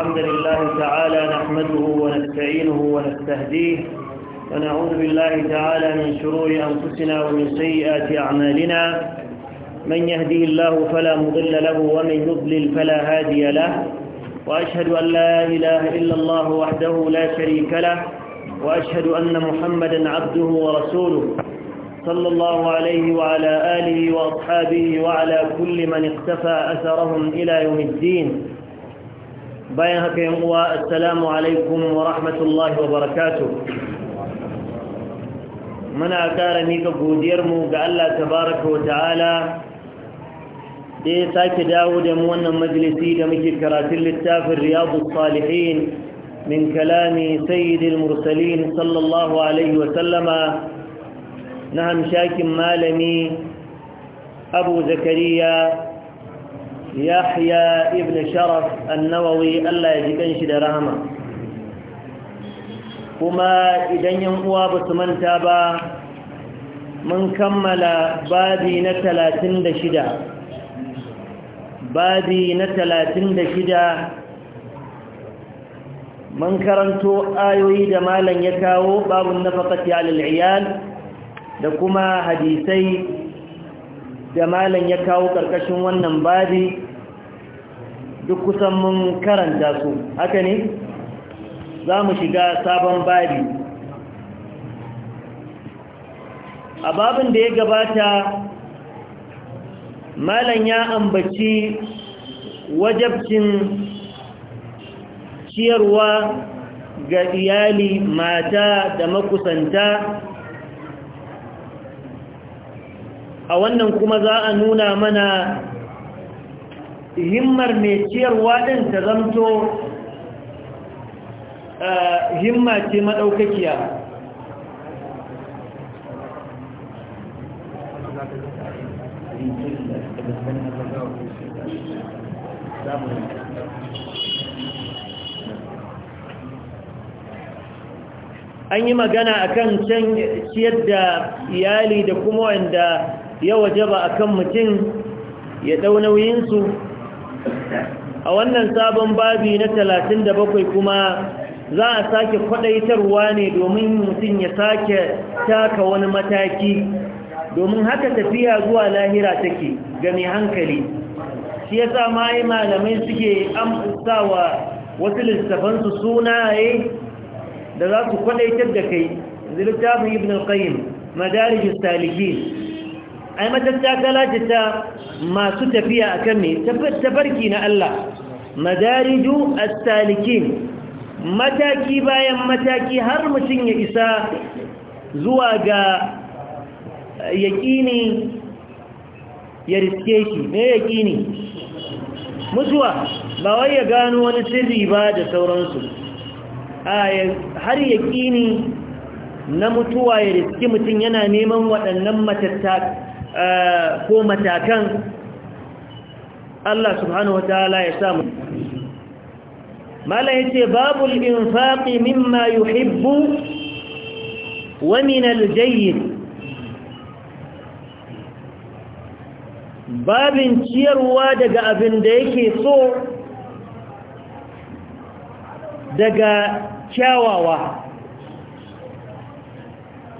الحمد لله تعالى نحمده ونستعينه ونستهديه ونعوذ بالله تعالى من شرور أنفسنا ومن سيئات أعمالنا من يهدي الله فلا مضل له ومن يضلل فلا هادي له وأشهد أن لا إله إلا الله وحده لا شريك له وأشهد أن محمدا عبده ورسوله صلى الله عليه وعلى آله وأصحابه وعلى كل من اقتفى أثرهم إلى يوم الدين bayan haka yan uwa assalamu alaikum wa rahmatullahi wa barakatuh muna kara mika godiyarmu ga Allah tabaraka wa ta'ala da ya sake dawo da mu wannan majalisi da muke karatun littafin riyadu salihin min kalami sayyidil mursalin sallallahu alaihi wa sallama na hamshakin malami abu zakariya yahya ibn sharaf annawawi Allah ya ji shi da rahama kuma idan yan uwa su manta ba mun kammala babi na talatin da shida babi na talatin da shida mun karanto ayoyi da malam ya kawo babu nafaqati alal iyal da kuma hadisai da malam ya kawo ƙarƙashin wannan babi duk kusan mun karanta su haka ne za mu shiga sabon babi a babin da ya gabata malam ya ambaci wajabcin ciyarwa ga iyali mata da makusanta a wannan kuma za a nuna mana himmar mai ciyarwa ɗin ta zamto eh, himma ce maɗaukakiya an yi magana akan can ciyar da iyali da kuma wanda ya wajaba akan mutum ya ɗau nauyinsu a wannan sabon babi na talatin da bakwai kuma za a sake kwaɗaitarwa ne domin mutum ya sake taka wani mataki domin haka tafiya zuwa lahira take ga mai hankali shi ya sa mai malamai suke amsawa wasu suna sunaye da za su kwadaitar da kai zirta littafin ibn al-qayyim madarijin ai matattakala ta masu tafiya akan me tafarki na Allah madariju as-salikin mataki bayan mataki har mutum ya isa zuwa ga yaƙini ya riske shi ne yaƙini mutuwa ba wai ya gano wani sirri ba da sauransu har yaƙini na mutuwa ya riske mutum yana neman waɗannan ko matakan Allah subhanahu wa ta'ala ya samu mala yace babul infaqi mimma yuhibbu wa min aljayyid babin ciyarwa daga abin da yake so daga kyawawa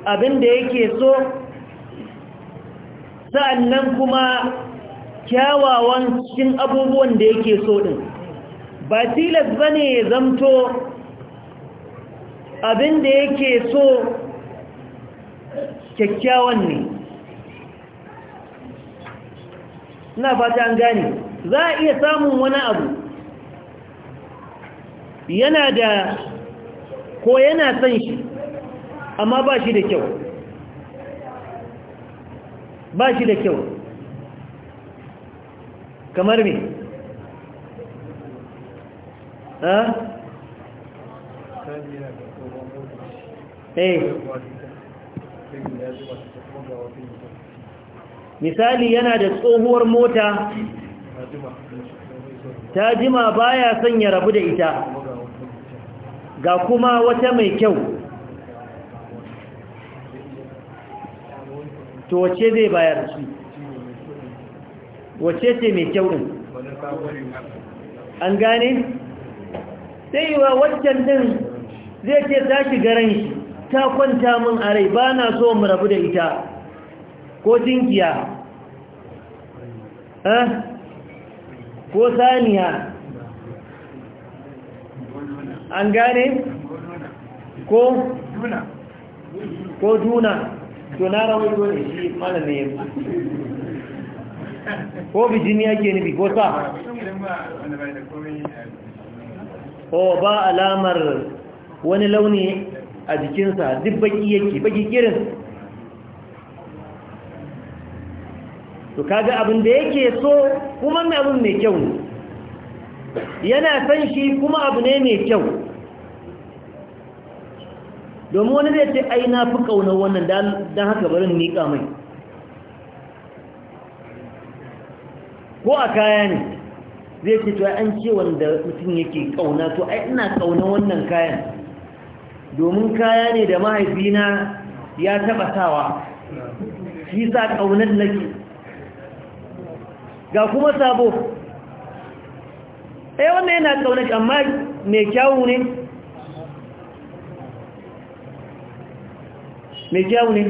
abin da yake so sa'annan kuma kyawawan cikin abubuwan da yake so ɗin ba tilas ba ne ya zamto abin da yake so kyakkyawan ne ina fata an gane za a iya samun wani abu yana da ko yana son shi amma ba shi da kyau ba shi da kyau kamar me ha? Eh. misali yana da tsohuwar mota ta jima baya son ya rabu da ita ga kuma wata mai kyau to wace zai bayar shi wace ce mai kyau din an gane sai wa waccan din zai ce zaki garan shi ta kwanta mun a rai ba na so mu rabu da ita ko jinkiya ko saniya an gane ko ko duna to na yi wani shi mana ne yamma ko bijini yake nufi ko sa ko oh, ba alamar wani launi a jikinsa duk baki yake baki kirin to kaga abin da yake so kuma mai abin mai kyau ne yana san shi kuma abu ne mai kyau domin wani zai ce ai na fi ƙaunar wannan don haka barin niƙa mai ko a kaya ne zai ce to an ce wanda mutum yake ƙauna to ai ina ƙaunar wannan kayan domin kaya ne da mahaifina ya taɓa sawa shi sa ƙaunar nake ga kuma sabo Eh wannan yana kaunar amma mai kyawu ne mai kyau ne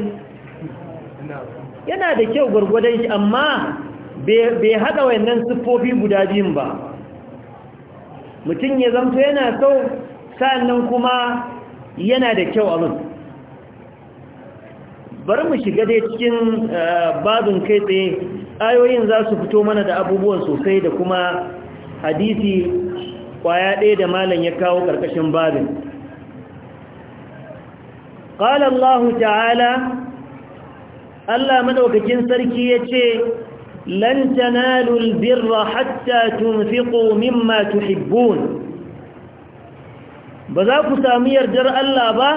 yana da kyau gwargwadon shi amma bai haɗa wannan siffofi guda biyun ba mutum ya zamto yana sau sa'annan kuma yana da kyau abin bari mu shiga dai cikin eh, babin kai tsaye ayoyin za su fito mana da abubuwan sosai da kuma hadisi kwaya ɗaya da malam ya kawo ƙarƙashin babin قال الله تعالى ألا مدوك جنسركي يتي لن تنالوا البر حتى تنفقوا مما تحبون بذاك سامي يرجر ألا با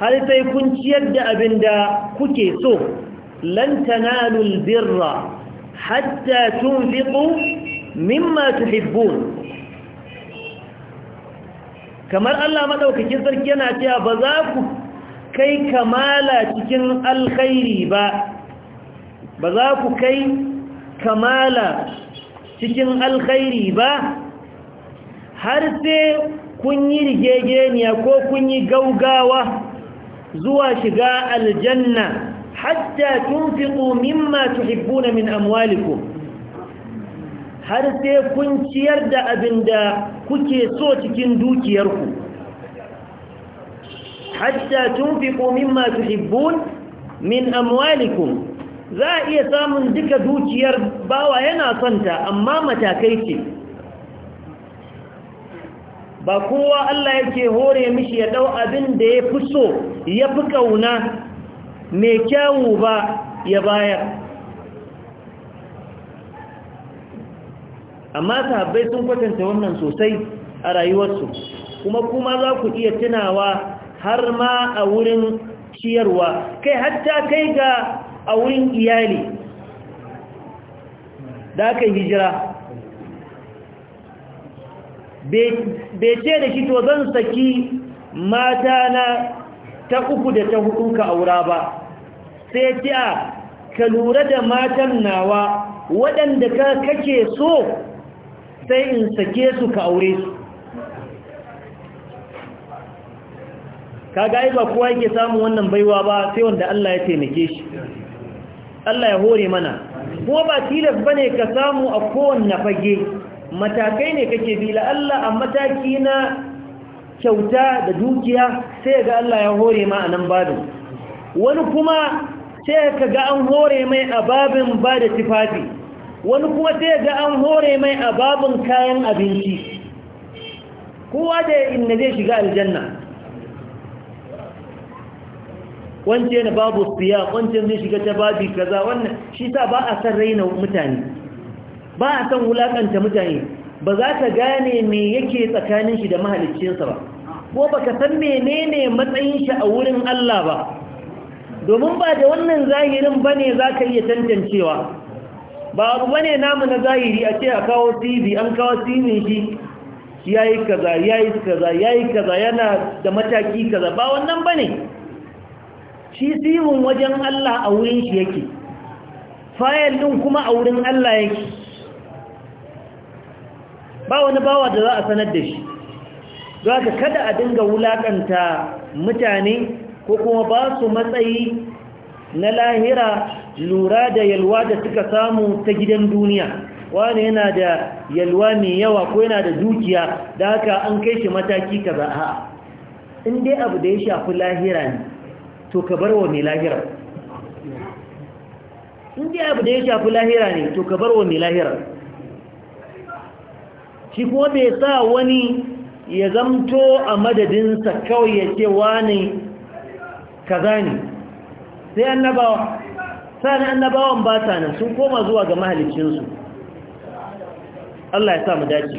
هل سيكون شيد أبن دا كتي سو لن تنالوا البر حتى تنفقوا مما تحبون kamar Allah madaukakin sarki yana cewa ba za ku kai kamala cikin alkhairi ba ba za ku kai kamala cikin alkhairi ba har sai kun yi rigegeniya ko kun yi gaugawa zuwa shiga aljanna hatta tunfiqu mimma tuhibbuna min amwalikum har sai kun ciyar da abinda kuke so cikin dukiyarku hatta tunfiqu mimma tuhibbun min amwalikum za iya samun duka dukiyar bawa yana santa amma matakai ce ba kowa Allah yake hore mishi ya dau abin da ya fi so ya fi kauna mai kyawu ba ya bayar amma sahabbai sun kwatanta wannan sosai a rayuwarsu kuma kuma za ku iya tunawa har ma a wurin ciyarwa kai hatta kai ga a wurin iyali da aka yi hijira bai ce da shi to zan saki mata na ta uku da ta hukunka aura ba sai ce a ka lura da matan nawa waɗanda ka kake so sai in sake su ka aure su kaga ai ba kowa yake samu wannan baiwa ba sai wanda Allah ya taimake shi Allah ya hore mana kuma ba tilas bane ka samu a kowanne fage matakai ne kake bi la Allah a mataki na kyauta da dukiya sai ga Allah ya hore ma a nan babin wani kuma sai ka an hore mai a babin ba tifafi wani kuma sai ga an hore mai a babin kayan abinci kowa da inda zai shiga aljanna wance ne babu siya wance zai shiga ta babi kaza wannan shi sa ba a san raina mutane ba a san wulakanta mutane ba za ka gane me yake tsakanin shi da mahaliccinsa ba ko baka san menene matsayin shi a wurin Allah ba domin ba da wannan zahirin ba ne iya tantancewa ba abu bane namu na zahiri a ce a kawo tv an kawo tv shi ya kaza ya kaza ya kaza yana da mataki kaza ba wannan ba shi sirrin wajen Allah a wurin shi yake fayil ɗin kuma a wurin Allah yake ba wani bawa da za a sanar da shi za ka kada a dinga wulaƙanta mutane ko kuma ba su matsayi na lahira lura da yalwa da suka samu ta gidan duniya wani yana da yalwa mai yawa ko yana da dukiya da haka an kai shi mataki ka za'a in dai abu da ya shafi lahira ne to ka bar wa mai lahira in jiya abu da ya shafi lahira ne to ka bar wa mai lahira shi kuma bai sa wani ya zamto a madadinsa kawai ya ce wani kaza ne sai annabawa sani annabawan ba ta nan sun koma zuwa ga mahalicinsu Allah ya sa mu dace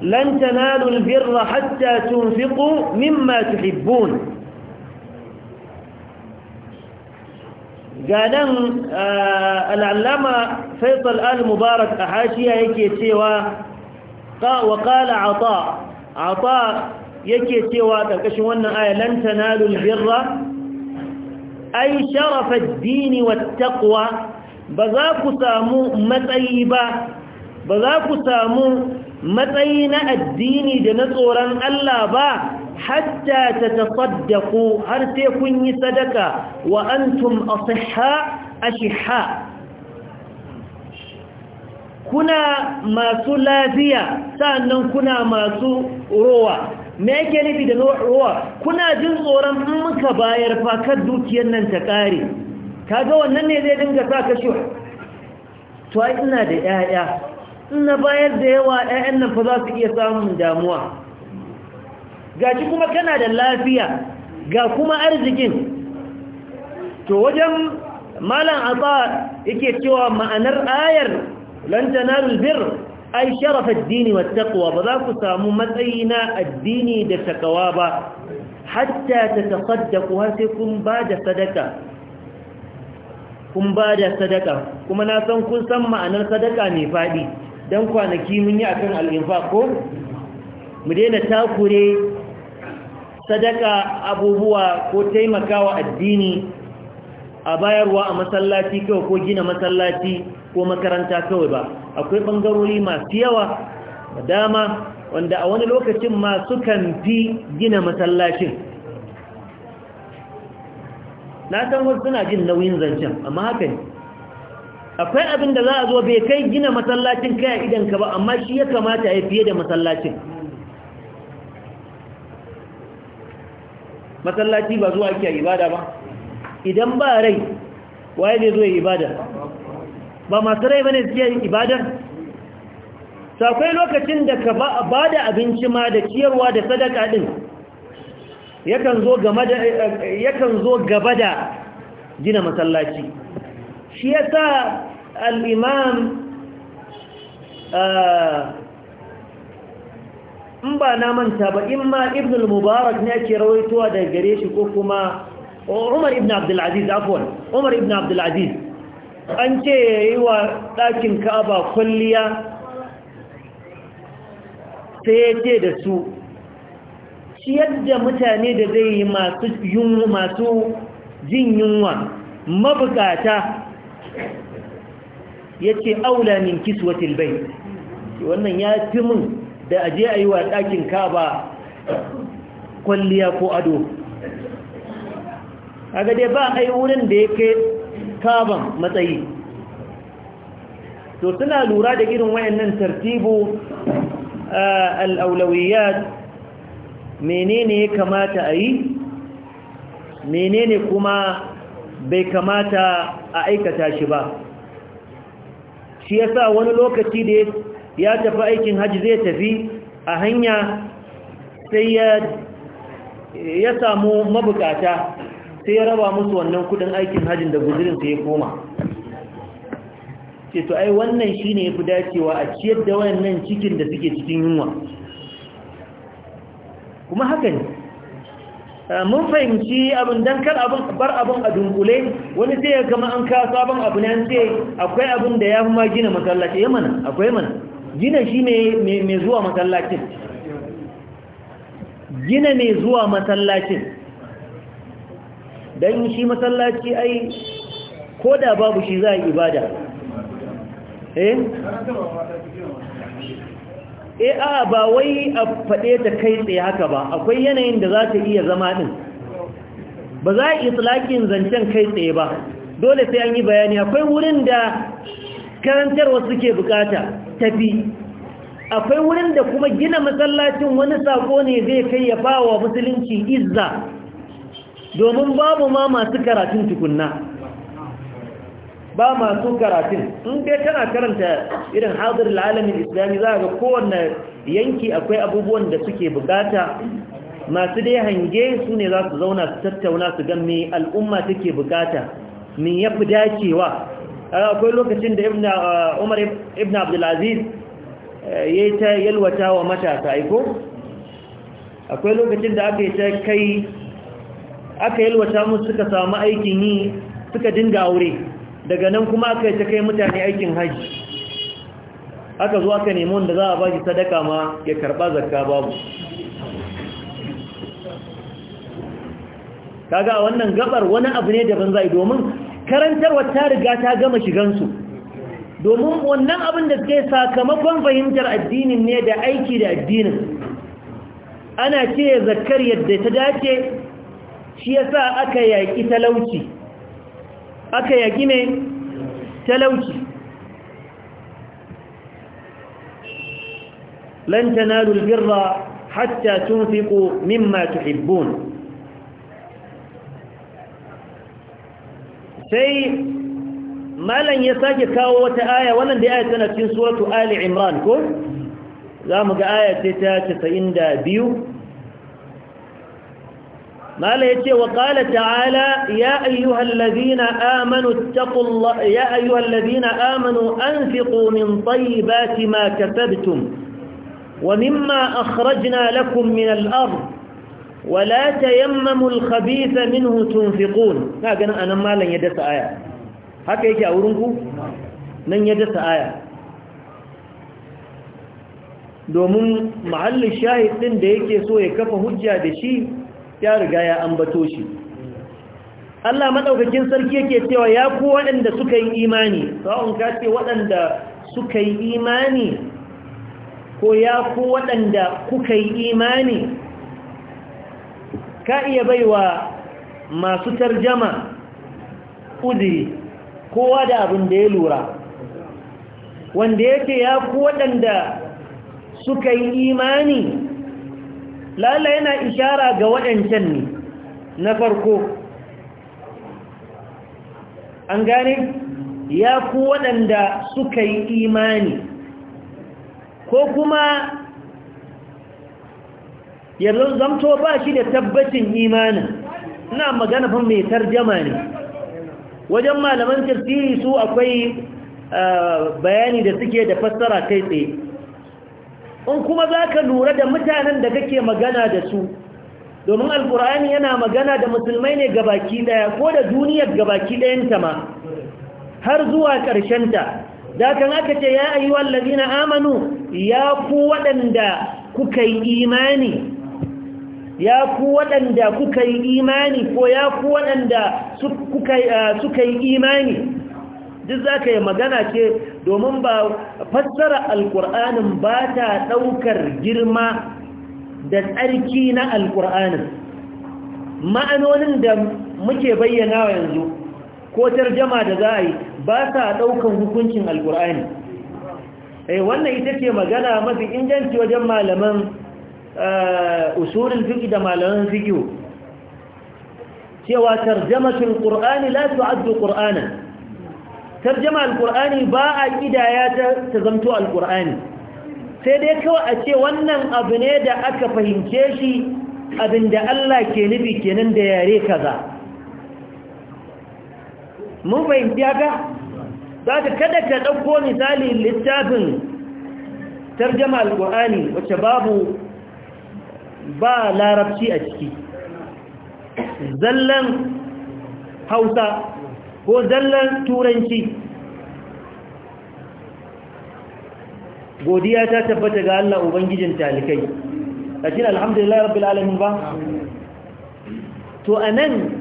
lan tanalu albirra hatta tunfiqu mimma tuhibbun ga nan al'allama faisal al-mubarak a hashiya yake cewa wa kala ata ata yake cewa ƙarƙashin wannan aya lan tanalul birra ay sharafa dini din ba za ku samu matsayi ba ba za ku samu matsayi na addini da na tsoron Allah ba hatta tatasaddaqu har sai kun yi sadaka wa antum asihha kuna masu lafiya sannan kuna masu rowa me yake nufi da rowa kuna jin tsoron in muka bayar fakar dukiyar nan ta kare kaga wannan ne zai dinga sa ka shi ina da 'ya'ya. in bayar da yawa 'ya'yan nan fa za su iya samun damuwa gashi kuma kana da lafiya ga kuma arzikin to wajen malam ata yake cewa ma'anar ayar lan tanalul bir ay sharafa ad-din taqwa ba za ku samu matsayi na addini da takawa ba hatta tatasaddaqu har sai kun ba da sadaka kun ba da sadaka kuma na san kun san ma'anar sadaka mai faɗi don kwanaki mun yi akan al'infa ko mu daina takure sadaka abubuwa ko taimakawa addini a bayarwa a masallaci kawai ko gina masallaci ko makaranta kawai ba akwai bangarori masu yawa da dama wanda a wani lokacin ma sukan fi gina masallacin na san wasu suna jin nauyin zancen amma haka ne akwai abin da za a zo bai kai gina masallacin kai idanka ba amma shi ya kamata ya fiye da masallacin masallaci ba zuwa ake ibada ba idan ba rai waye ne zuwa ibada ba masu rai bane suke yin ibadar sakwai lokacin da ka ba da abinci ma da ciyarwa da sadaka din yakan zo gaba da gina masallaci shi yasa al-imam ah, in ba na manta ba in ma ibn mubarak ne ake rawaitowa daga gare shi ko kuma umar ibn abdulaziz afwan umar ibn abdulaziz an ce yayi wa ɗakin ka'aba kwalliya sai ya ce da su shi da mutane da zai yi masu masu jin yunwa mabukata ya ce aula min kiswatil bai wannan ya fi mun da aje a yi wa ɗakin kaba kwalliya ko ado a dai ba a yi wurin da ya kai kaban matsayi to suna lura da irin wayannan tartibu al'aulawiyat menene ya kamata a yi menene kuma bai kamata a aikata shi ba shi yasa wani lokaci da ya ya tafi aikin hajji zai tafi a hanya sai ya samu mabukata sai ya raba musu wannan kudin aikin hajjin da guzurin sai ya koma ce to ai wannan shine fi dacewa a ciyar da wayannan cikin da suke cikin yunwa kuma haka ne mun fahimci abin don kar abin bar abin a dunkule wani sai ya gama an kawo sabon abu nan sai akwai abin da ya fi ma gina masallaci ya mana akwai mana gina shi ne mai zuwa matsalacin gina mai zuwa matsalacin don shi matsalaci ai ko da babu shi za a ibada eh? e a ba wai a faɗe ta kai tsaye haka ba akwai yanayin da za ta iya zama ɗin ba za a yi tsalakin zancen kai tsaye ba dole sai an yi bayani akwai wurin da karantarwa suke bukata tafi akwai wurin da kuma gina masallacin wani sako ne zai kai ya ba wa musulunci izza domin babu ma masu karatun tukunna ba masu karatun in dai kana karanta irin hadir alamin islami za ga kowane yanki akwai abubuwan da suke bukata masu dai hange su ne za su zauna su tattauna su gan me al'umma take bukata min ya fi dacewa akwai lokacin da uh, umar ibn abdulaziz eh, ya yi ta yalwata wa matasa aiko akwai lokacin da aka yi ta kai aka yalwata mu suka samu aikin yi suka dinga aure daga nan kuma aka yi ta kai mutane aikin hajji aka zuwa aka nemi wanda za a ba sadaka ma ya karba zakka babu kaga wannan gabar wani abu ne daban zai domin Karantarwar ta riga ta gama shigansu domin wannan abin da suke sakamakon fahimtar addinin ne da aiki da addinin ana ce zakar yadda ta dace shi yasa aka yaƙi talauci aka yaƙi ne talauci lantana lulgirra albirra hatta tunfiqu mimma tuhibbun sai malan ya sake kawo wata aya wannan da aya tana cikin suratu ali imran ko za mu ga aya ce ta 92 malan yace wa qala ta'ala ya ayyuhal ladina amanu taqullaha ya ayyuhal ladina amanu anfiqu min tayyibati ma kasabtum wa mimma akhrajna lakum min al-ardh wala tayammamul khabitha minhu tunfiqun ka ganin anan malan ya dasa aya haka yake a wurin ku nan ya dasa aya domin muhallin shahid din da yake so ya kafa hujja da shi ya riga ya ambato shi Allah madaukakin sarki yake cewa ya ku waɗanda suka yi imani sawun ka ce waɗanda suka yi imani ko ya ku waɗanda kuka yi imani ka iya baiwa masu tarjama uziri kowa da abin da ya lura wanda yake ya ku waɗanda suka yi imani lalai yana ishara ga waɗancan ne na farko an gane ya ku waɗanda suka yi imani ko kuma yanzu zamto ba shi da tabbacin imanin ina magana fa mai tarjama ne wajen malaman tafsiri su akwai bayani da suke da fassara kai tsaye in kuma za ka lura da mutanen da kake magana da su domin alkur'ani yana magana da musulmai ne gabaki daya ko da duniyar gabaki dayanta ma har zuwa ta. dakan kan aka ce ya ayyuhal na amanu ya ku waɗanda kuka yi imani ya ku waɗanda kuka yi imani ko ya ku waɗanda ah, suka yi imani duk za ka yi magana ce domin ba fassara alkur'anin ba ta ɗaukar girma da tsarki na alkur'anin ma'anonin da muke bayyana wa yanzu ko tarjama da za a yi ba ta ɗaukar hukuncin alƙur'ani eh, wannan ita ce magana mafi inganci wajen malaman usulul fiqh da malaman fiqh cewa tarjamatul qur'ani la tu'addu qur'anan tarjama alqur'ani ba a kidaya ta zamto alqur'ani sai dai kawai a ce wannan abu ne da aka fahimce shi da Allah ke nufi kenan da yare kaza mun fahimci haka zaka kada ka ɗauko misalin littafin tarjama alqur'ani wacce babu ba larabci a ciki zallan hausa ko zallan turanci godiya ta tabbata ga Allah ubangijin talikai a cikin alhamdulillah rabbil alamin ba to anan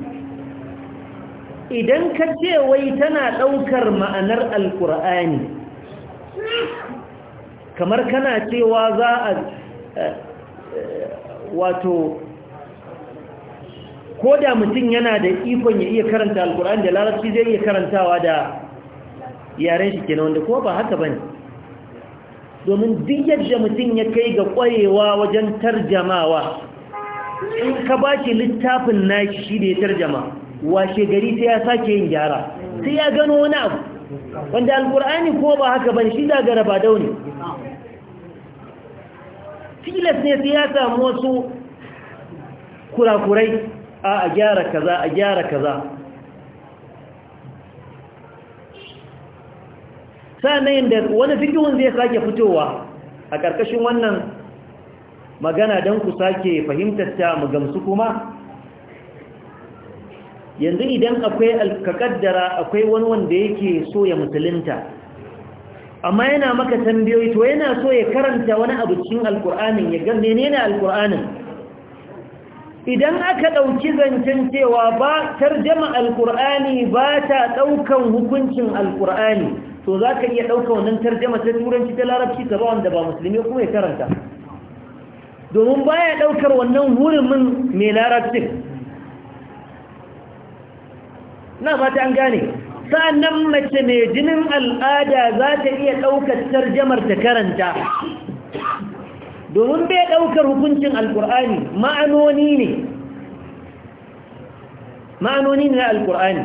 idan ka ce wai tana ɗaukar ma'anar alkur'ani kamar kana cewa za a eh, eh, wato ko da mutum yana da ikon ya iya karanta alkur'ani da larabci zai iya karantawa da yaren shi kenan wanda ko ba haka ba ne? domin duk yadda mutum ya kai ga kwarewa wajen tarjamawa in ka ba littafin na shi da ya tarjama washe gari sai ya sake yin gyara sai ya gano wani abu wanda alkur'ani ko ba haka ba ne shi da ba daune tilas ne sai ya samu wasu kurakurai a gyara kaza a gyara kaza da wani fikihun zai sake fitowa a ƙarƙashin wannan magana don ku sake fahimtar ta mu gamsu kuma yanzu idan akwai alkakaddara akwai wani wanda yake so ya musulunta amma yana maka tambayoyi to yana so ya karanta wani abu cikin alkur'anin ya ga menene alkur'anin idan aka ɗauki zancen cewa ba tarjama alkur'ani ba ta ɗaukan hukuncin alkur'ani to za iya ɗauka wannan tarjama ta turanci ta larabci ta ba wanda ba musulmi kuma ya karanta domin baya ɗaukar wannan hurumin mai larabcin na ba ta an gane sa'annan mace mai jinin al'ada za ta iya ɗaukar tarjamar ta karanta domin bai ɗaukar hukuncin alƙur'ani ma'anoni ne ma'anoni ne na alƙur'ani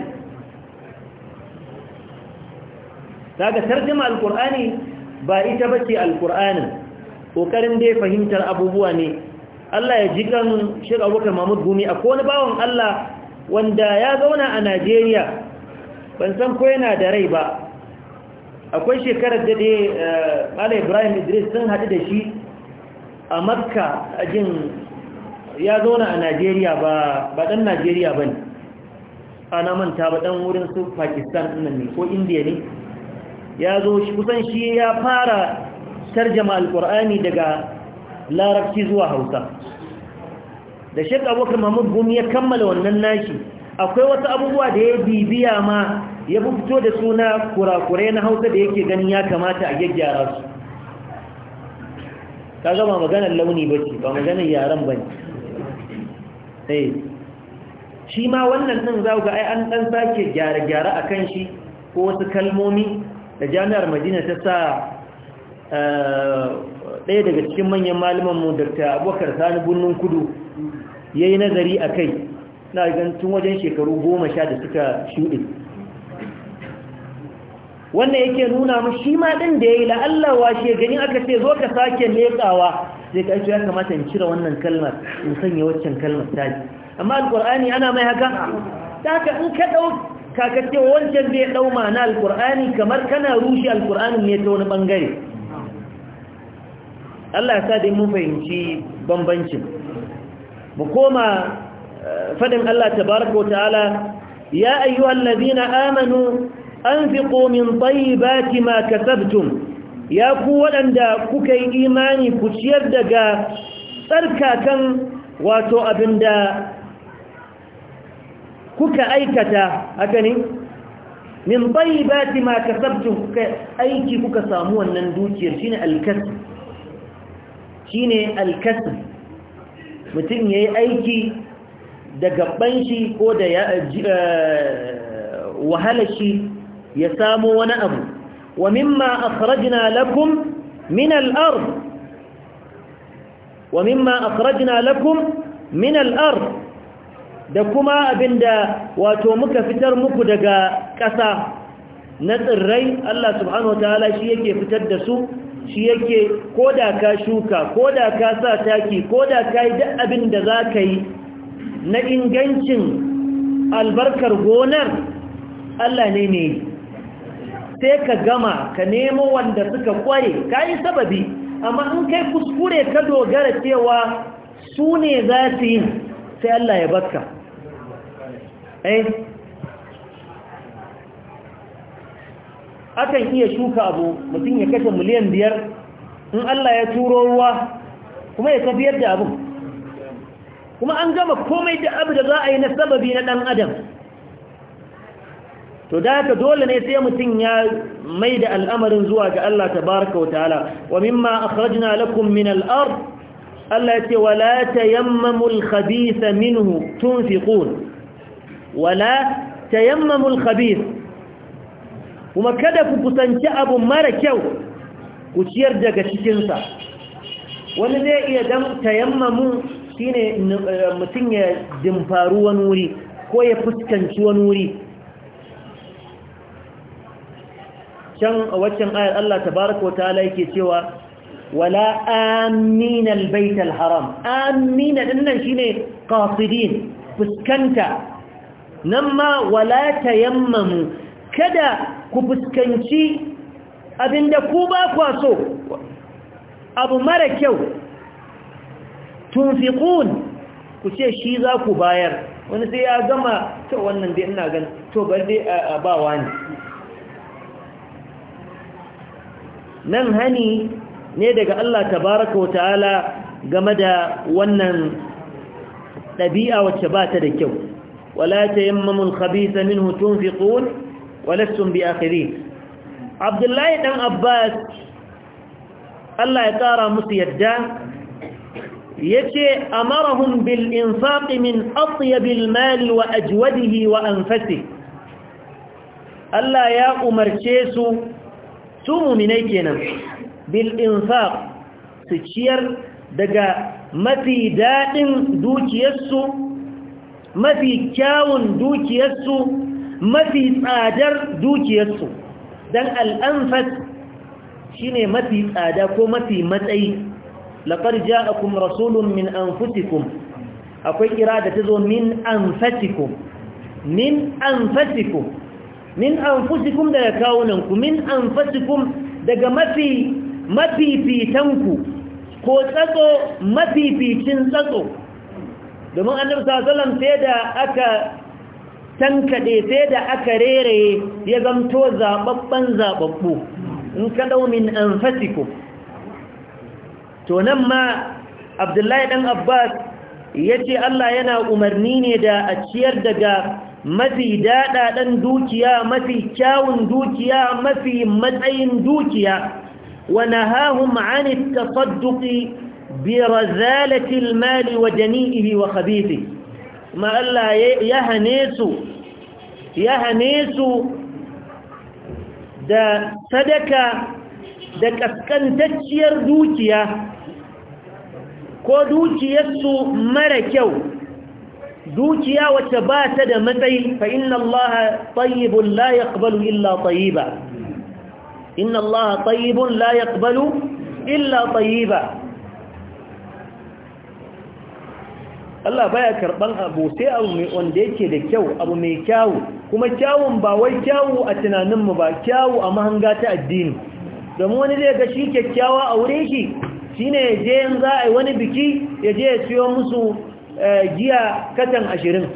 daga tarjama alƙur'ani ba ita ba ce alƙur'anin ƙoƙarin dai fahimtar abubuwa ne Allah ya ji kan shiga abokan mahmud gumi a wani bawan Allah wanda ya zauna a Najeriya ban san ko yana da rai ba akwai shekarar da dai eh, mala ibrahim idris sun haɗu da shi a makka a jin ya zauna a najeriya ba ɗan najeriya ba ne ana manta ba ɗan wurin su pakistan nan ne ko indiya ne ya zo kusan shi ya fara tarjama alƙur'ani daga larabci zuwa hausa da shek abokar mahmud gumi ya kammala wannan nashi akwai wasu abubuwa da ya bibiya ma ya fito da suna kurakurai na hausa da yake ganin ya kamata a gyaggyara su ka gama maganar launi ba ce ba maganar yaren ba ne eh, shi ma wannan ɗin za ga ai an ɗan sake gyare-gyare a kan shi ko wasu kalmomi da jami'ar madina ta sa eh, ɗaya daga cikin manyan malumanmu da ta sani birnin kudu ya yi nazari a kai na gan tun wajen shekaru goma sha da suka shuɗi. wannan yake nuna mu shi ma ɗin da ya yi la'allawa shi gani aka ce zo ka sake nekawa zai ƙarfi ya kamata in cire wannan kalmar in sanya waccan kalmar ta ji amma alƙur'ani ana mai haka ta haka in ka ɗau kakace wancan zai ɗau na alƙur'ani kamar kana rushe alƙur'anin ne ta wani ɓangare Allah ya sa dai mu fahimci bambancin mu koma فدم الله تبارك وتعالى يا أيها الذين آمنوا أنفقوا من طيبات ما كسبتم يا قوة أن كوكي إيماني كتير دقا تركا كان واتو أبن دا كوكا أيكتا أكني min tayyibati ma kasabtum kuka aiki kuka samu wannan dukiyar shine alkasb shine alkasb mutum yayi aiki da gaban shi ko da eh, eh, wahalar shi ya samo wani abu wa mimma lakum min al wa mimma akhrajna lakum min da kuma da wato muka fitar muku daga ƙasa na tsirrai Allah subhanahu Ta'ala shi yake fitar da su shi yake koda ka shuka koda ka sa taki koda ka yi duk abin da za ka yi na ingancin albarkar gonar Allah ne ne sai ka gama ka nemo wanda suka kware ka yi sababi amma in kai kuskure ka dogara cewa su ne za su yi sai Allah ya baka eh akan iya shuka abu mutum ya kashe miliyan biyar in Allah ya turo ruwa kuma ya tafiyar da abin kuma an gama komai da abu da za a yi na sababi na ɗan adam to da haka dole ne sai mutum ya mai da al'amarin zuwa ga Allah tabaraka wa ta'ala wa mimma akhrajna lakum min al-ard Allah yace wala tayammamu al-khabitha minhu tunfiqun wala tayammamu al-khabith kuma kada ku kusanci abu mara kyau ku ciyar daga cikin sa wani zai iya dan tayammamu shine eh, mutum ya dimfaru wani wuri ko ya fuskanci wani wuri can waccan ayar Allah tabaraka wa ta'ala yake cewa wala amina albayt alharam amina dinnan shine qasidin fuskanta nan ma wala tayammamu kada ku fuskanci abinda ku ba kwa so abu mara kyau tunfiqun ku ce shi za ku bayar wani sai ya gama to wannan dai ina gan to bar dai ne nan hani ne daga Allah tabaraka wa ta'ala game da wannan ɗabi'a wacce ba ta da kyau wala tayammamul khabitha minhu tunfiqun walastum biakhirin Abdullahi dan Abbas Allah ya tsara musu yadda yace amarahum bil infaq min atyab al mal wa ajwadihi wa anfasi Allah ya umarce su su mu'minai kenan bil infaq su ciyar daga mafi dadin dukiyarsu mafi kyawun dukiyarsu mafi tsadar dukiyarsu dan al anfas shine mafi tsada ko mafi matsayi laqad ja'akum rasulun min anfusikum akwai kira da tazo min anfusikum min anfusikum min anfusikum daga kawunan ku min anfusikum daga mafi mafifitanku ko tsatso mafificin tsatso domin annabi sallallahu sai da aka tankade sai da aka rere ya zamto zababban zababbu in ka dau min anfusikum to nan ma abdullahi dan abbas ya ce allah yana umarni ne da a ciyar daga mafi daɗaɗen dukiya mafi kyawun dukiya mafi matsayin dukiya wani hahun ma'anin tafadduki birazalatil mali wa jani'ihi wa khabithi ma Allah ya hane su ya hane su da sadaka da ƙasƙantacciyar dukiya ko dukiyarsu mara kyau dukiya wacce ba ta da matsayi fa inna allaha tayyibun la yaqbalu illa tayyiba inna allaha tayyibun la yaqbalu illa tayyiba Allah baya karban abu sai abu mai wanda yake da kyau abu mai kyawu kuma kyawun ba wai kyawu a tunaninmu ba kyawu a mahanga ta addini domin wani zai ga shi kyakkyawa a wure shi shine je in za a wani biki ya je ya siyo musu giya katan 20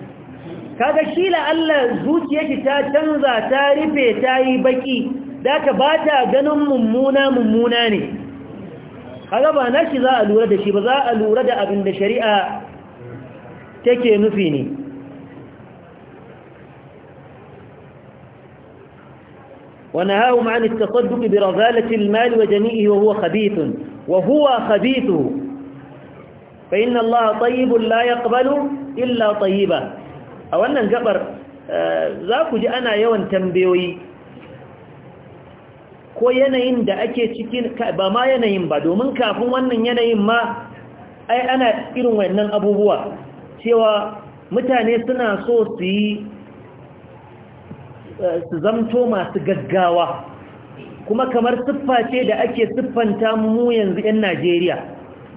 kaga shi Allah zuciyarki ta canza ta rufe ta yi baki daka ka ba ta ganin mummuna mummuna ne kaga ba na shi za a lura da shi ba za a lura da abin da shari'a take nufi ne ونهاهم عن التصدق برذالة المال وجميعه وهو خبيث وهو خبيثه فإن الله طيب لا يقبل إلا طيبا أو أن الجبر ذاك جاءنا يوم تنبيوي ko yanayin da ake cikin ba ma yanayin ba domin kafin wannan yanayin ma ai ana irin wannan abubuwa cewa mutane suna so su yi eh, su zamto masu gaggawa kuma kamar siffa ce da ake siffanta mu yanzu 'yan Najeriya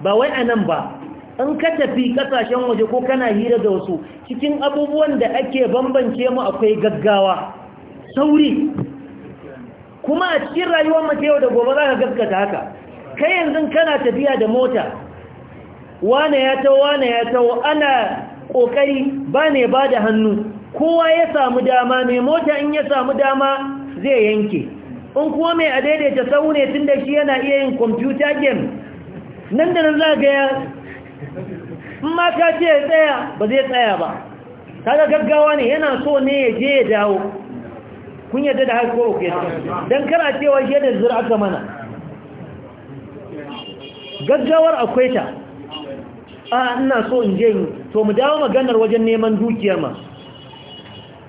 ba wai a nan ba in ka tafi kasashen waje ko kana hira da wasu cikin abubuwan da ake bambance mu akwai gaggawa sauri kuma a cikin rayuwar mace yau da gobe za ka gaskata haka kai yanzu kana tafiya da mota wane ya tawo wane ya tawo ana ƙoƙari ba ne ba da hannu kowa ya samu dama mai mota in ya samu dama zai yanke in kuma mai a daidaita sau ne tun da shi yana iya yin kwamfuta game nan da nan za ga ya ma ka ce ya tsaya ba zai tsaya ba kaga gaggawa ne yana so ne ya je ya dawo kun yadda da haka ko ke don kana cewa shi da zira aka mana gaggawar akwai ta a ina so in je to mu dawo maganar wajen neman dukiyar ma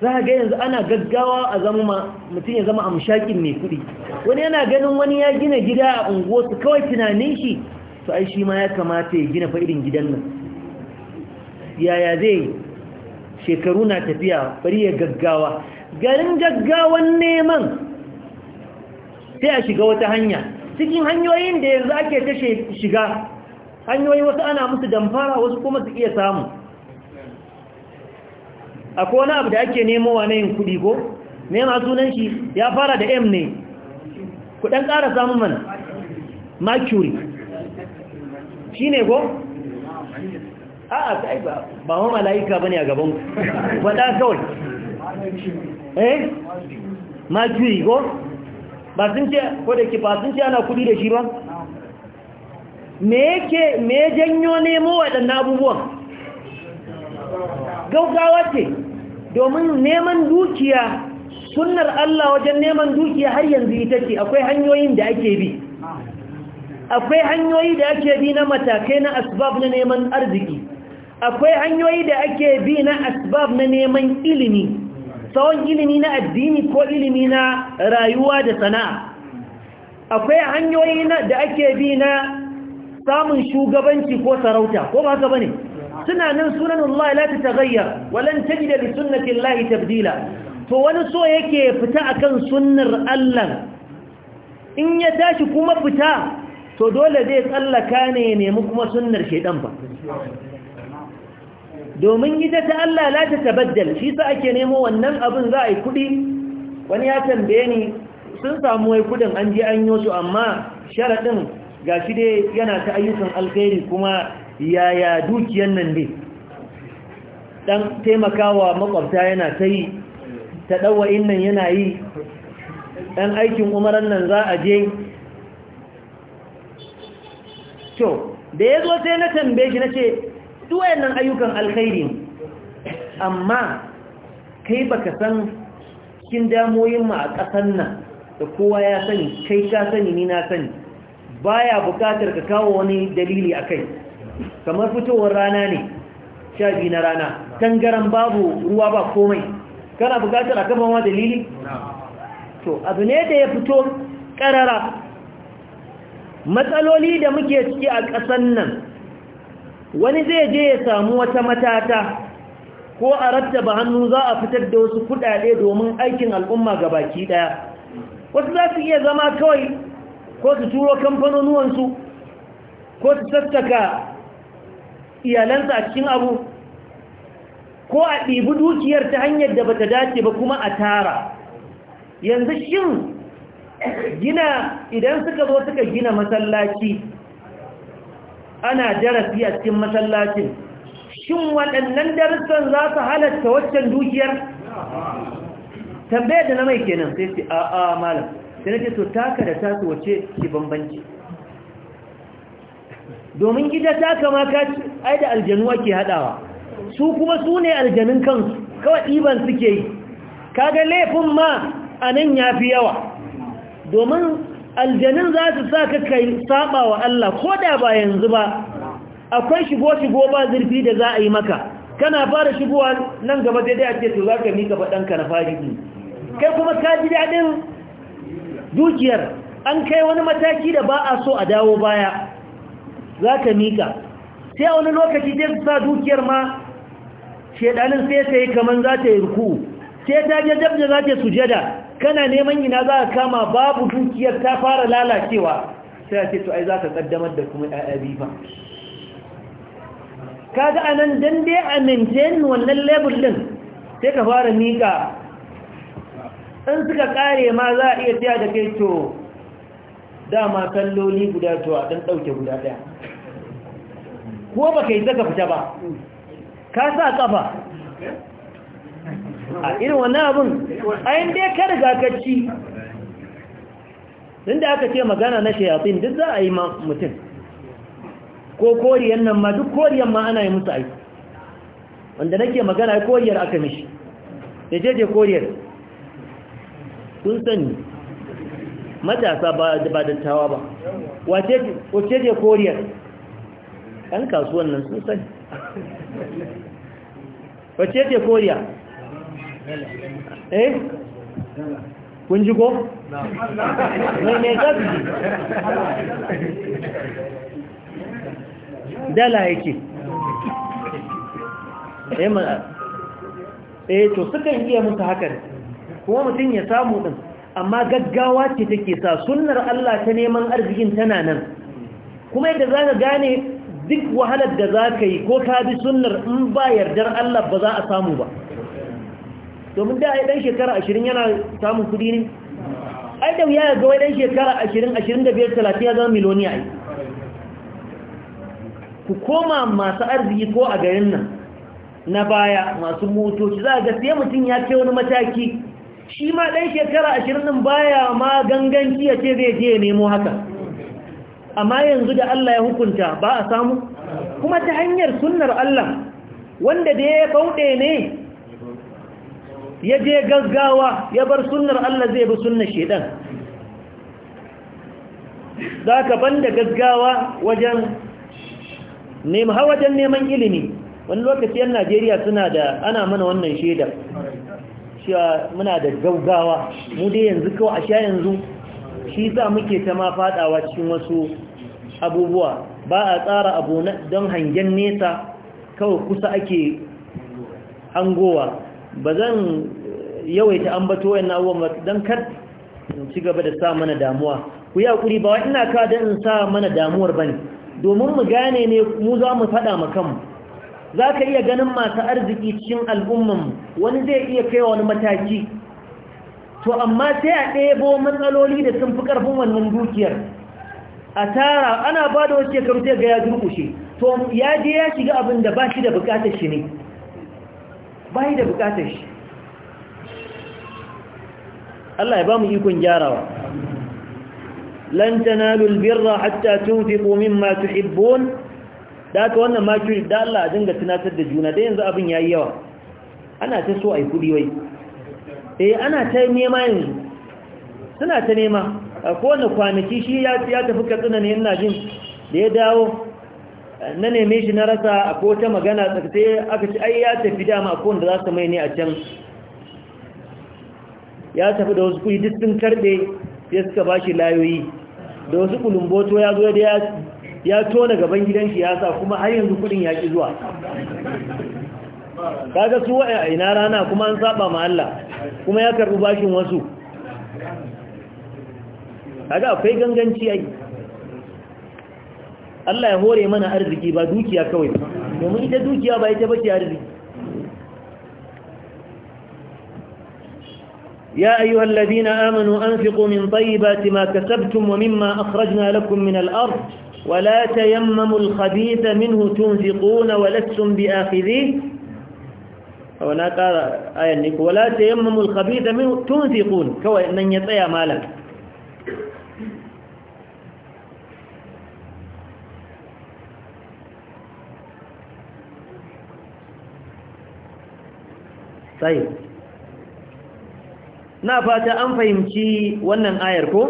za a ga yanzu ana gaggawa a zama mutum ya zama a amshakin mai kuɗi wani yana ganin wani ya gina gida a unguwarsu kawai tunanin shi to ai shi ma ya kamata ya gina fa'irin gidan nan yaya zai shekaru na tafiya bari ya gaggawa garin gaggawan neman sai a shiga wata hanya cikin hanyoyin da yanzu ake ta shiga hanyoyi wasu ana musu damfara wasu kuma su iya samu akwai wani abu da ake wa na yin kuɗi ko nema sunan shi ya fara da m ne ku ɗan samun mana mercury shi ne ko? a a kai ba ma mala'ika ba ne a gaban faɗa kawai eh mercury ko? ba sun ce ko da ke ba sun ce ana kuɗi da shi ba? me yake me janyo nemo waɗannan abubuwan gaugawa ce domin neman dukiya sunnar Allah wajen neman dukiya har yanzu ita ce akwai hanyoyin da ake bi akwai hanyoyi da ake bi na matakai na asbab na neman arziki akwai hanyoyi da ake bi na asbab na neman ilimi tsawon ilimi na addini ko ilimi na rayuwa da sana'a akwai hanyoyi da ake bi na samun shugabanci ko sarauta ko ba haka bane suna nan sunanullahi la tataghayyar walan tajida li sunnatillahi tabdila to wani so yake fita akan sunnar Allah in ya tashi kuma fita to dole zai tsallaka ne nemi kuma sunnar shedan ba domin ita ta Allah la ta tabaddal shi sa ake nemo wannan abin za a yi kudi wani ya tambaye ni sun samu wai kudin an je an yi su amma sharadin gashi dai yana ta ayyukan alkhairi kuma yaya dukiyar nan ne dan taimakawa makwabta yana ta yi ta ɗauwa innan yana yi dan aikin umaran nan za a je to da ya zo sai na tambaye shi na ce duwayen nan ayyukan alkhairi amma kai baka san cikin damoyinmu a ƙasar nan da kowa ya sani kai ka sani ni na sani baya bukatar ka kawo wani dalili a kai. kamar fitowar rana ne sha biyu na rana tangaran babu ruwa ba komai kana bukatar a kafa dalili to abu ne da ya fito karara matsaloli da muke ciki a ƙasan nan wani zai je ya samu wata matata ko a rattaba hannu za a fitar da wasu kuɗaɗe domin aikin al'umma ga baki ɗaya wasu za su iya zama kawai ko su turo kamfanonuwansu ko su sassaka iyalansa a cikin abu ko a ɗibi dukiyar ta hanyar da bata dace ba kuma a tara yanzu shin gina idan suka zo suka gina masallaci ana darasi a cikin masallacin shin waɗannan darussan za su halatta waccan dukiyar Tambaya da na mai kenan sai su a'a malam sai na ce to taka da taso wace ke bambanci domin ita ta kama ka ai da aljanu ake hadawa su kuma su ne aljanun kansu kawai ɗiban suke yi kaga laifin ma a nan ya fi yawa domin aljanun za su sa ka kai saba wa Allah ko da ba yanzu ba akwai shigo-shigo ba zurfi da za a yi maka kana fara shigowa nan gaba dai-dai a ce to za ka mika ka na fari kai kuma ka ji daɗin dukiyar an kai wani mataki da ba a so a dawo baya za ka miƙa sai a wani lokaci zai sa dukiyar ma shaidanin sai ta yi kamar za ta yi ruku sai ta je jabja za ta sujada kana neman ina za ka kama babu dukiyar ta fara lalacewa sai a ce to ai za ka kaddamar da kuma ɗaya biyu ba ga anan don dai a maintain wannan level sai ka fara miƙa in suka kare ma za a iya tiya da kai to dama kalloli guda tuwa don ɗauke guda ɗaya ko ba ka yi zaka fita ba ka sa kafa a irin wannan abin ayin dai ka riga ka ci din da aka ce magana na shayafin duk za a yi mutum ko koriyan nan ma duk koriyan ma ana yi musu aiki wanda nake magana koriyar aka mishi da jeje koriyar sun sani matasa ba da dattawa ba wace je koriyar ɗan kasuwan nan sun sani wacce ce koriya eh kun ji ko? mai mai gafi dala yake eh ma eh to sukan iya musu hakan kuma mutum ya samu din amma gaggawa ce take sa sunnar Allah ta neman arzikin tana nan kuma yadda za ka gane duk wahalar da za ka yi ko ka bi sunnar in ba yardar Allah ba za a samu ba domin da yi dan shekara 20 yana samun kudi ne ai da ya ga wai dan shekara 20 25 30 ya zama miloniya yi ku koma masu arziki ko a garin nan na baya masu motoci za ga sai mutum ya ce wani mataki shi ma dan shekara 20 din baya ma ganganci ya ce zai je nemo haka amma yanzu da Allah ya hukunta ba a samu kuma ta hanyar sunnar Allah wanda da ya bauɗe ne ya je gaggawa ya bar sunnar Allah zai bi sunnar shedan za ka banda gaggawa wajen nema wajen neman ilimi wani lokaci yan Najeriya suna da ana mana wannan shedar muna da gaggawa mu dai yanzu kawai a sha yanzu shi za muke ta ma fadawa cikin wasu abubuwa ba a tsara abu don hangen nesa kawai kusa ake hangowa ba zan eh, yawaita ambato yana ba don kar ci gaba da sa mana damuwa ku yi haƙuri ba ina ka don sa mana damuwar ba domin mu gane ne mu za mu faɗa makamu za ka iya ganin masu arziki cikin al'ummanmu wani zai iya kaiwa wani mataki to amma sai a ɗebo matsaloli da sun fi ƙarfin wannan dukiyar a tara ana ba da wasu shekaru sai ga ya durkushe to ya je ya shiga abin da ba shi da buƙatar shi ne ba shi da buƙatar shi Allah ya ba mu ikon gyarawa lan tanalu albirra hatta tunfiqu masu tuhibbun da ka wannan ma da Allah a dinga tunatar da juna da yanzu abin ya yi yawa ana ta so a yi kuɗi wai eh ana ta nema yanzu suna ta nema a kowane kwanaki shi ya tafi katsina ne yana jin da ya dawo na neme shi na rasa a ta magana tsakte aka ci ai ya tafi dama a kowane da za su mai ne a can ya tafi da wasu kuyi duk sun karɓe ya suka ba shi layoyi da wasu kulumboto ya zo da ya tona gaban gidan shi ya sa kuma har yanzu kudin ya ƙi zuwa kaga su a ina rana kuma an saba ma Allah kuma ya karbi bashin wasu kaga akwai ganganci ai Allah ya hore mana arziki ba dukiya kawai domin ita dukiya ba ita bace arziki يا أيها الذين آمنوا أنفقوا من طيبات ما كسبتم ومما أخرجنا لكم من الأرض ولا تيمموا الخبيث منه تنفقون ولستم بآخذيه wa na ƙara ayan ne ko wala ta yamma mulkabi da min tunfiqun kawai nan ya tsaya malam sai na fata an fahimci wannan ayar ko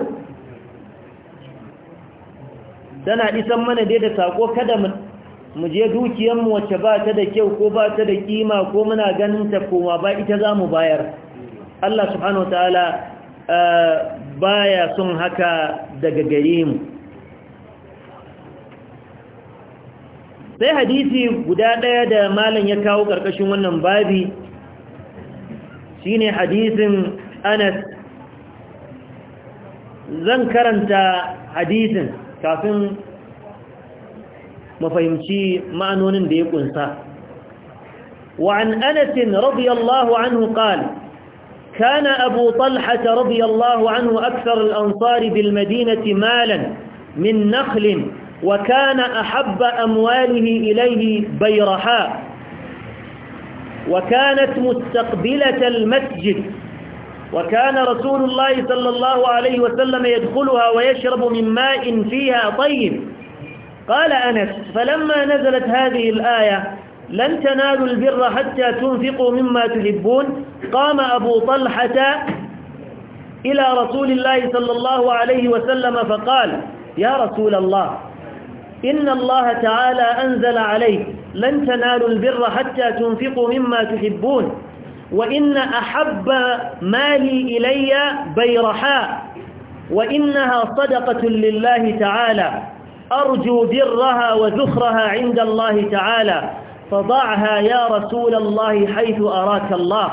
tana isan mana dai da sako kada mu mu je dukiyarmu wacce ba ta da kyau ko ba ta da kima ko muna ganin ta koma ba ita za mu bayar Allah subhanahu ta'ala eh, baya son haka daga gare mu sai hadisi guda ɗaya da malam ya kawo ƙarƙashin wannan babi shine hadisin Anas zan karanta hadisin kafin mafahimci ma'anonin da ya kunsa وعن أنس رضي الله عنه قال كان أبو طلحة رضي الله عنه أكثر الأنصار بالمدينة مالا من نخل وكان أحب أمواله إليه بيرحاء وكانت مستقبلة المسجد وكان رسول الله صلى الله عليه وسلم يدخلها ويشرب من ماء فيها طيب قال أنس فلما نزلت هذه الآية لن تنالوا البر حتى تنفقوا مما تحبون قام أبو طلحة إلى رسول الله صلى الله عليه وسلم فقال يا رسول الله إن الله تعالى أنزل عليه لن تنالوا البر حتى تنفقوا مما تحبون وإن أحب مالي إلي بيرحاء وإنها صدقة لله تعالى أرجو برها وذخرها عند الله تعالى فضعها يا رسول الله حيث أراك الله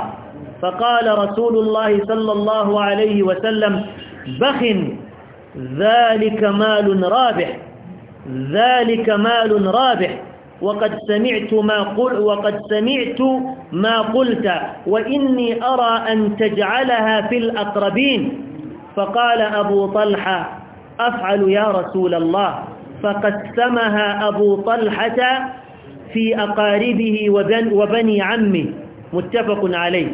فقال رسول الله صلى الله عليه وسلم بخ ذلك مال رابح ذلك مال رابح وقد سمعت ما قل وقد سمعت ما قلت وإني أرى أن تجعلها في الأقربين فقال أبو طلحة أفعل يا رسول الله فقسمها أبو طلحة في أقاربه وبني عمه متفق عليه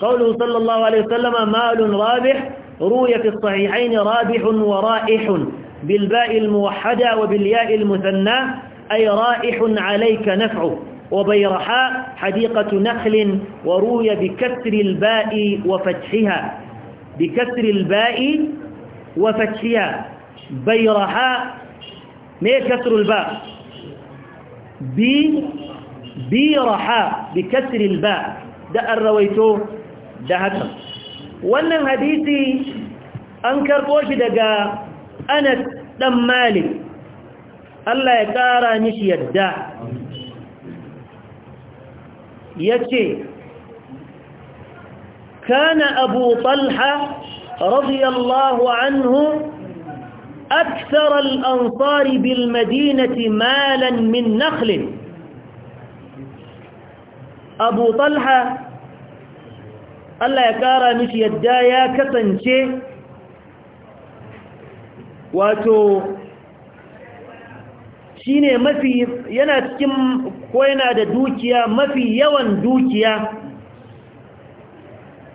قوله صلى الله عليه وسلم مال رابح روي في الصحيحين رابح ورائح بالباء الموحدة وبالياء المثنى أي رائح عليك نفعه وبيرحاء حديقة نخل وروي بكسر الباء وفتحها بكسر الباء وفتحها بيرحاء ما كسر الباء بي بيرحاء بكسر الباء ده الرويتو ده هذا وان الحديث انكر بوشي دقا انا دم مالك الله يكارا نشي الداء يكي كان ابو طلحة رضي الله عنه أكثر الأنصار بالمدينة مالا من نخل أبو طلحة الله يكارى مش يدايا كتنشي واتو shine mafi yana cikin ko yana da dukiya mafi yawan dukiya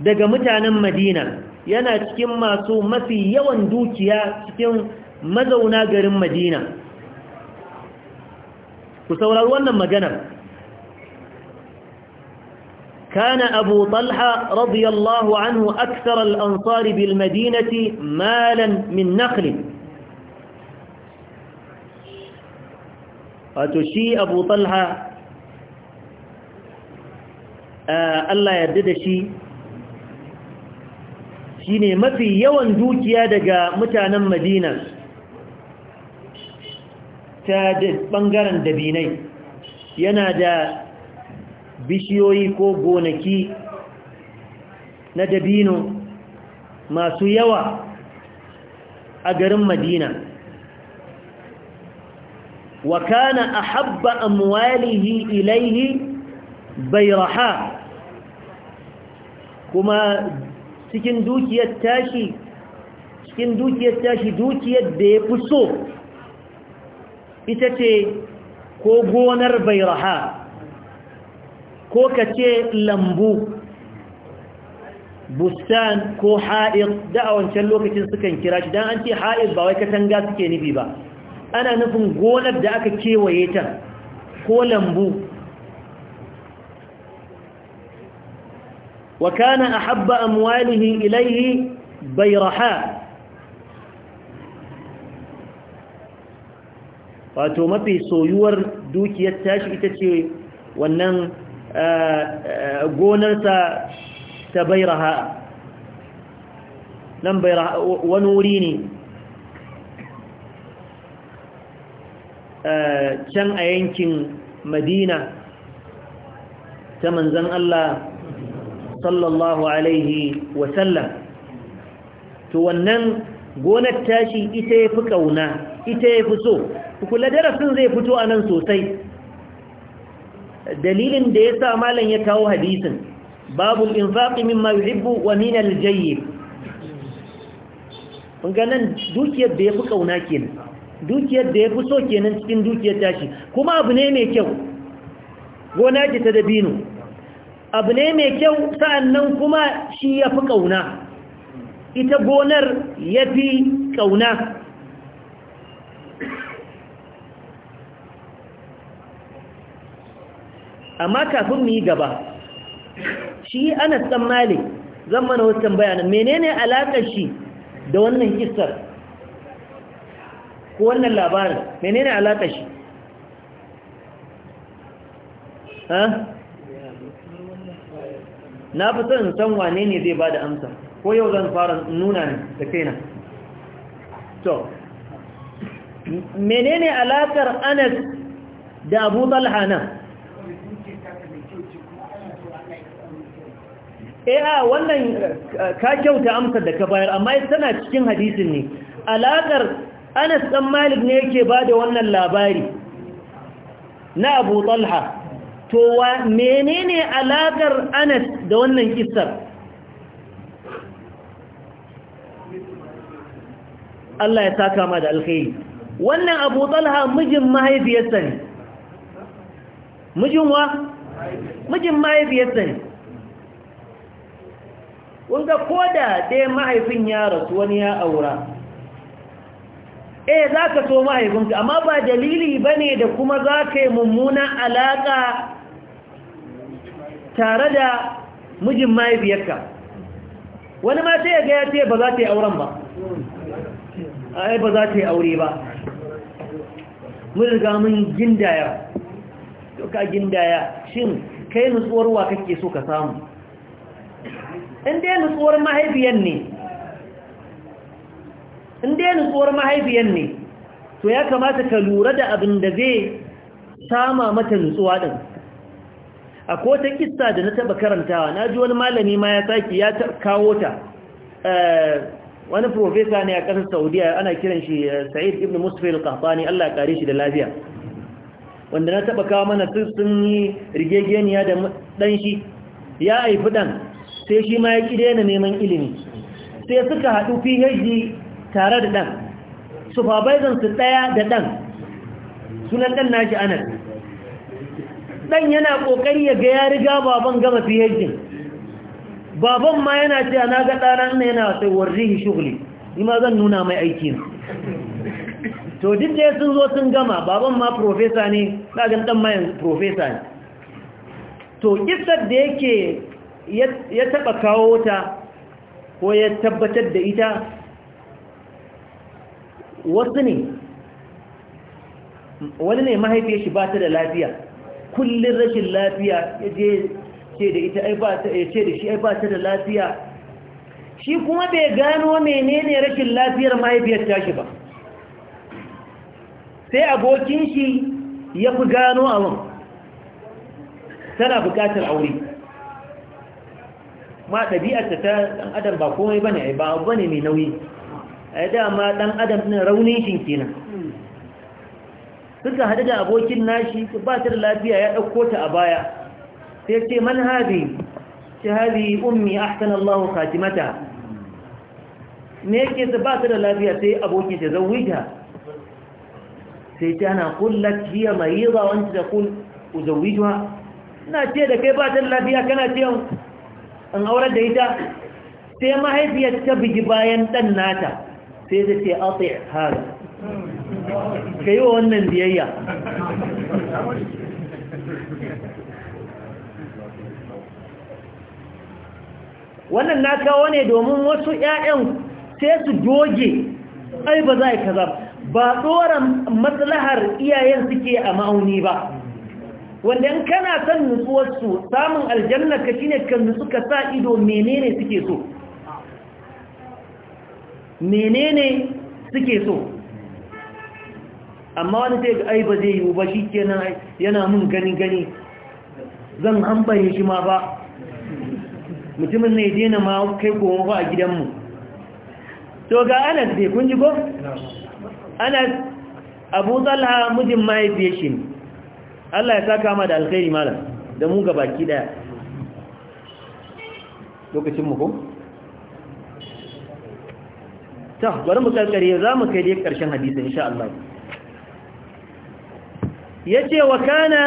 daga mutanen Madina yana cikin masu mafi yawan dukiya cikin mazauna garin madina ku saurari wannan maganar كان أبو طلحة رضي الله عنه أكثر الأنصار بالمدينة مالا من نخل وتشي أبو طلحة ألا يدد شي شيني ما في يوان دوكيا دقا متعنا مدينة ta ɓangaren dabinai yana da bishiyoyi ko gonaki na dabino masu yawa a garin madina wa kana ahabba amwalihi ilaihi raha kuma cikin dukiyar tashi cikin dukiyar tashi dukiyar da ya fi so ita ce ko gonar bairaha ko ka ce lambu bustan ko ha'ir da a wancan lokacin sukan kira shi don an ce ha'ir ba wai katanga suke nufi ba ana nufin gonar da aka kewaye ta ko lambu wa kana a amwalihi ilaihi bairaha wato mafi soyuwar dukiyar tashi ita ce wannan eh, eh, gonarsa ta bairaha nan bairaha wani wuri ne eh, can a yankin madina ta manzan Allah sallallahu alaihi wasallam to wannan gonar tashi ita ya fi ƙauna ita ya fi so kula darasin zai fito a nan sosai dalilin da ya sa malam ya kawo hadisin babu infaqi mimma yuhibbu wa min al-jayyib dukiyar da yafi kauna kenan dukiyar da yafi so kenan cikin dukiyar tashi kuma abu ne mai kyau gona ce ta dabino abu ne mai kyau sa'annan kuma shi yafi kauna ita gonar yafi kauna amma kafin mu yi gaba shi anas dan malik zan mana wasu tambaya menene alakar shi da wannan kisar ko wannan labarin menene alakar shi ha na fi son san wane ne zai ba da amsa ko yau zan fara nuna ne da kaina to menene alakar anas da abu talha nan eh a wannan eh, ka kyauta amsar da ka bayar amma tana cikin hadisin ne alaƙar anas ɗan malik ne yake ba da wannan labari na abu talha to wa menene alaƙar anas da wannan kisar Allah ya saka kama da alkhairi wannan abu talha mijin mahaifiyarsa ne mijin wa mijin mahaifiyarsa ne wanda ko da dai mahaifin ya rasu wani ya aura eh za ka so mahaifinka amma ba dalili ba ne da kuma za ka yi mummunan alaƙa tare da mijin mahaifiyarka wani ma sai ya ga ya ce ba za ta yi auren ba ai ba za ta yi aure ba mun mun gindaya to ka gindaya shin kai nutsuwar wa kake so ka samu inda ya nutsuwar mahaifiyan ne to ya kamata ka lura da abin da zai sama mata nutsuwa ɗin a ta kista da na taba karantawa na ji wani malami ma ya saki ya kawo ta eh, wani profesa ne a ƙasar saudiya ana kiran shi eh, sa'id ibn musfil qahtani Allah ya kare shi da lafiya wanda na taba kawo mana sun yi rigegeniya da ɗan shi ya haifi ɗan sai shi ma ya ki daina neman ilimi sai suka haɗu phd tare da ɗan su su ɗaya da ɗan sunan ɗan shi anas ɗan yana ƙoƙari ya ga ya riga baban gama phd baban ma yana ce na ga ɗana na yana sai shi shugli ni ma zan nuna mai aiki to duk da sun zo sun gama baban ma profesa ne ɗagan ɗan mayan profesa ne to ƙisar da yake ya taɓa kawo ta ko ya tabbatar da ita wasu ne wani ne mahaifiyar shi ba ta da lafiya kullum rashin lafiya ya je ce da ita ai ba ta ya ce da shi ai ba ta da lafiya shi kuma bai gano menene rashin lafiyar mahaifiyar ta shi ba sai abokin shi ya fi gano abin tana bukatar aure ma ɗabi'arta ta ɗan adam ba komai ba ne ba abu ba ne mai nauyi a yi dama ɗan adam ɗin raunin shi kenan suka haɗu da abokin nashi ba ta da lafiya ya ɗauko ta a baya sai ce man haɗi shi haɗi ummi ahsan Allah mata me yake ta ba ta da lafiya sai abokin ta wuta sai ta na kullat hiya mariza wanda ta kul wuta ina ce da kai ba ta da lafiya kana ce an aurar da ita sai mahaifiyar ta bayan ɗan nata sai ta ce tsaye ka yi wa wannan biyayya wannan na kawo ne domin wasu 'ya'yan sai su doge ai ba za a yi ba tsoron matsalahar iyayen suke a ma'auni ba wanda in kana son nutsuwarsu samun aljanna ka shine kan nutsu ka sa ido menene suke so menene suke so amma wani sai ga ai ba zai yiwu ba shi kenan yana mun gani gani zan hambare shi ma ba mutumin ne daina ma kai goma ba a gidanmu to ga anas dai kun ji ko anas abu talha mijin mahaifiyar shi ne Allah ya saka ma da alkhairi malam da mu ga baki daya lokacin mu ko ta bari mu kankare za mu kai dai karshen hadisi insha Allah yace wa kana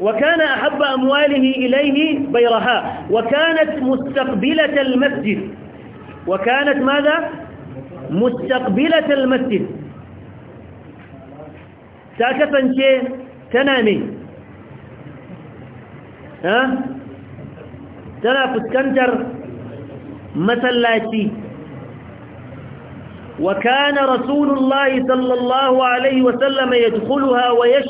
وكان أحب أمواله إليه بيرها وكانت مستقبلة المسجد وكانت ماذا؟ مستقبلة المسجد تاكفا شيء tana fuskantar masallaci. Wakana kana rasulullah sallallahu alaihi wasallam ya dukuluwa wa ya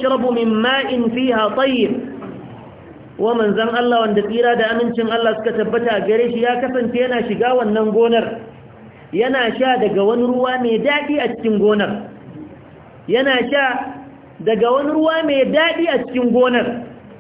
Allah wanda tsira da amincin Allah suka tabbata a gare shi ya kasance yana shiga wannan gonar yana sha daga wani ruwa mai daɗi a cikin gonar yana sha daga wani ruwa mai daɗi a cikin gonar